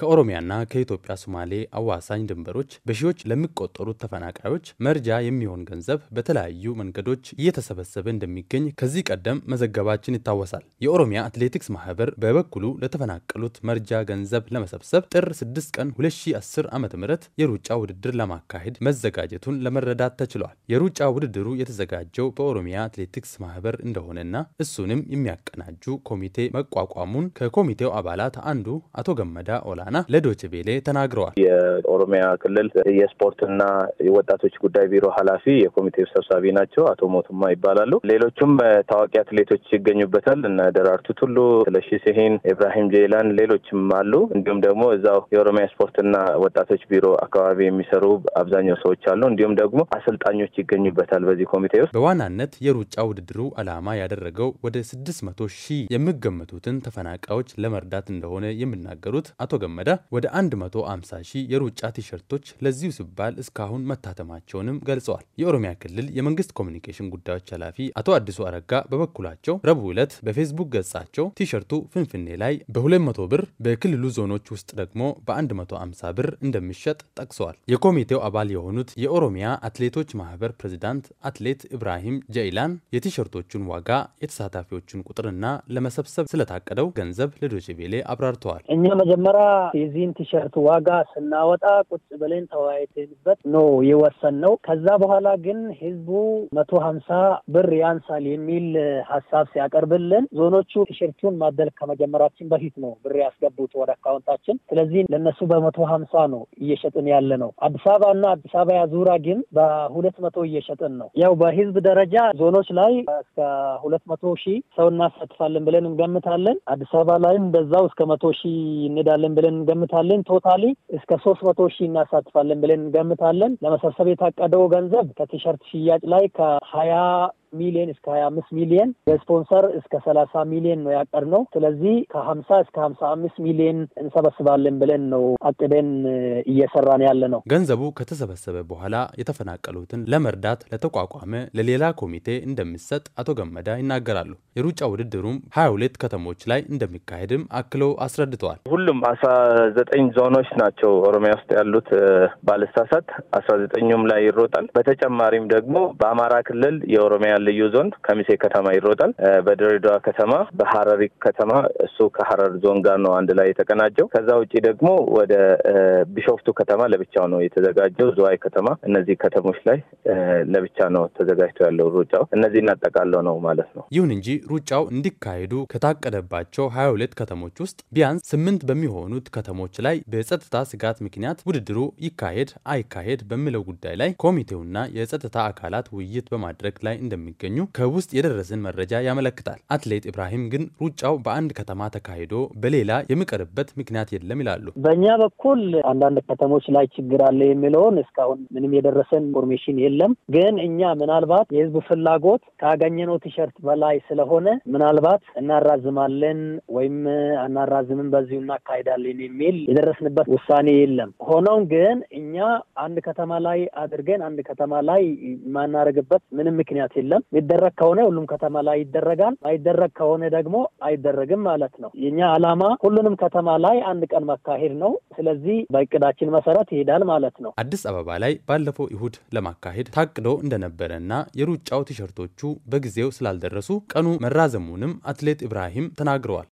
ከኦሮሚያና ከኢትዮጵያ ሶማሌ አዋሳኝ ድንበሮች በሺዎች ለሚቆጠሩት ተፈናቃዮች መርጃ የሚሆን ገንዘብ በተለያዩ መንገዶች እየተሰበሰበ እንደሚገኝ ከዚህ ቀደም መዘገባችን ይታወሳል። የኦሮሚያ አትሌቲክስ ማህበር በበኩሉ ለተፈናቀሉት መርጃ ገንዘብ ለመሰብሰብ ጥር 6 ቀን 2010 ዓ ም የሩጫ ውድድር ለማካሄድ መዘጋጀቱን ለመረዳት ተችሏል። የሩጫ ውድድሩ የተዘጋጀው በኦሮሚያ አትሌቲክስ ማህበር እንደሆነና እሱንም የሚያቀናጁ ኮሚቴ መቋቋሙን ከኮሚቴው አባላት አንዱ አቶ ገመዳ ኦላ ምስጋና ለዶይቼ ቬለ ተናግረዋል። የኦሮሚያ ክልል የስፖርትና የወጣቶች ጉዳይ ቢሮ ኃላፊ የኮሚቴው ሰብሳቢ ናቸው። አቶ ሞቱማ ይባላሉ። ሌሎቹም ታዋቂ አትሌቶች ይገኙበታል። እነ ደራርቱ ቱሉ፣ ስለሺ ሲሂን፣ ኢብራሂም ጄላን ሌሎችም አሉ። እንዲሁም ደግሞ እዛው የኦሮሚያ ስፖርትና ወጣቶች ቢሮ አካባቢ የሚሰሩ አብዛኛው ሰዎች አሉ። እንዲሁም ደግሞ አሰልጣኞች ይገኙበታል በዚህ ኮሚቴ ውስጥ በዋናነት የሩጫ ውድድሩ ዓላማ ያደረገው ወደ ስድስት መቶ ሺህ የሚገመቱትን ተፈናቃዮች ለመርዳት እንደሆነ የሚናገሩት አቶ ገመ እየተለመደ ወደ 150 ሺህ የሩጫ ቲሸርቶች ለዚሁ ሲባል እስካሁን መታተማቸውንም ገልጸዋል። የኦሮሚያ ክልል የመንግስት ኮሚኒኬሽን ጉዳዮች ኃላፊ አቶ አዲሱ አረጋ በበኩላቸው ረቡዕ ዕለት በፌስቡክ ገጻቸው ቲሸርቱ ፍንፍኔ ላይ በ200 ብር በክልሉ ዞኖች ውስጥ ደግሞ በ150 ብር እንደሚሸጥ ጠቅሰዋል። የኮሚቴው አባል የሆኑት የኦሮሚያ አትሌቶች ማህበር ፕሬዚዳንት አትሌት ኢብራሂም ጀይላን የቲሸርቶቹን ዋጋ፣ የተሳታፊዎቹን ቁጥርና ለመሰብሰብ ስለታቀደው ገንዘብ ለዶችቤሌ አብራርተዋል። እኛ መጀመሪያ የዚህን ቲሸርት ዋጋ ስናወጣ ቁጭ ብለን ተወያይተንበት ነው የወሰን ነው። ከዛ በኋላ ግን ህዝቡ መቶ ሀምሳ ብር ያንሳል የሚል ሀሳብ ሲያቀርብልን ዞኖቹ ቲሸርቱን ማደል ከመጀመራችን በፊት ነው ብር ያስገቡት ወደ አካውንታችን። ስለዚህ ለነሱ በመቶ ሀምሳ ነው እየሸጥን ያለ ነው። አዲስ አበባ እና አዲስ አበባ ያዙራ ግን በሁለት መቶ እየሸጥን ነው። ያው በህዝብ ደረጃ ዞኖች ላይ እስከ ሁለት መቶ ሺህ ሰው እናሳትፋለን ብለን እንገምታለን። አዲስ አበባ ላይም በዛው እስከ መቶ ሺህ እንዳለን ብለን እንገምታለን። ቶታሊ እስከ ሶስት መቶ ሺህ እናሳትፋለን ብለን እንገምታለን። ለመሰብሰብ የታቀደው ገንዘብ ከቲሸርት ሽያጭ ላይ ከሀያ ሚሊዮን እስከ ሀያ አምስት ሚሊዮን የስፖንሰር እስከ ሰላሳ ሚሊዮን ነው ነው። ስለዚህ ከሀምሳ እስከ ሀምሳ አምስት ሚሊዮን እንሰበስባለን ብለን ነው አቅደን እየሰራን ያለ ነው። ገንዘቡ ከተሰበሰበ በኋላ የተፈናቀሉትን ለመርዳት ለተቋቋመ ለሌላ ኮሚቴ እንደሚሰጥ አቶ ገመዳ ይናገራሉ። የሩጫ ውድድሩም ሀያ ሁለት ከተሞች ላይ እንደሚካሄድም አክለው አስረድተዋል። ሁሉም አስራ ዘጠኝ ዞኖች ናቸው ኦሮሚያ ውስጥ ያሉት ባለሳሳት አስራ ዘጠኙም ላይ ይሮጣል። በተጨማሪም ደግሞ በአማራ ክልል የኦሮሚያ በሚዛን ልዩ ዞን ከሚሴ ከተማ ይሮጣል። በድሬዳዋ ከተማ፣ በሀረሪ ከተማ እሱ ከሀረር ዞን ጋር ነው አንድ ላይ የተቀናጀው። ከዛ ውጭ ደግሞ ወደ ቢሾፍቱ ከተማ ለብቻው ነው የተዘጋጀው። ዝዋይ ከተማ፣ እነዚህ ከተሞች ላይ ለብቻ ነው ተዘጋጅቶ ያለው ሩጫው። እነዚህ እናጠቃለው ነው ማለት ነው። ይሁን እንጂ ሩጫው እንዲካሄዱ ከታቀደባቸው ሀያ ሁለት ከተሞች ውስጥ ቢያንስ ስምንት በሚሆኑት ከተሞች ላይ በጸጥታ ስጋት ምክንያት ውድድሩ ይካሄድ አይካሄድ በሚለው ጉዳይ ላይ ኮሚቴውና የጸጥታ አካላት ውይይት በማድረግ ላይ እንደሚ እንደሚገኙ ከውስጥ የደረሰን መረጃ ያመለክታል። አትሌት ኢብራሂም ግን ሩጫው በአንድ ከተማ ተካሂዶ በሌላ የሚቀርበት ምክንያት የለም ይላሉ። በእኛ በኩል አንዳንድ ከተሞች ላይ ችግር አለ የሚለውን እስካሁን ምንም የደረሰን ኢንፎርሜሽን የለም። ግን እኛ ምናልባት የህዝቡ ፍላጎት ካገኘነው ቲሸርት በላይ ስለሆነ ምናልባት እናራዝማለን ወይም አናራዝምን በዚሁ እናካሄዳለን የሚል የደረስንበት ውሳኔ የለም። ሆኖም ግን እኛ አንድ ከተማ ላይ አድርገን አንድ ከተማ ላይ የማናደርግበት ምንም ምክንያት የለም። አይደለም። ይደረግ ከሆነ ሁሉም ከተማ ላይ ይደረጋል፣ አይደረግ ከሆነ ደግሞ አይደረግም ማለት ነው። የኛ ዓላማ ሁሉንም ከተማ ላይ አንድ ቀን መካሄድ ነው። ስለዚህ በእቅዳችን መሰረት ይሄዳል ማለት ነው። አዲስ አበባ ላይ ባለፈው እሁድ ለማካሄድ ታቅዶ እንደነበረና የሩጫው ቲሸርቶቹ በጊዜው ስላልደረሱ ቀኑ መራዘሙንም አትሌት ኢብራሂም ተናግረዋል።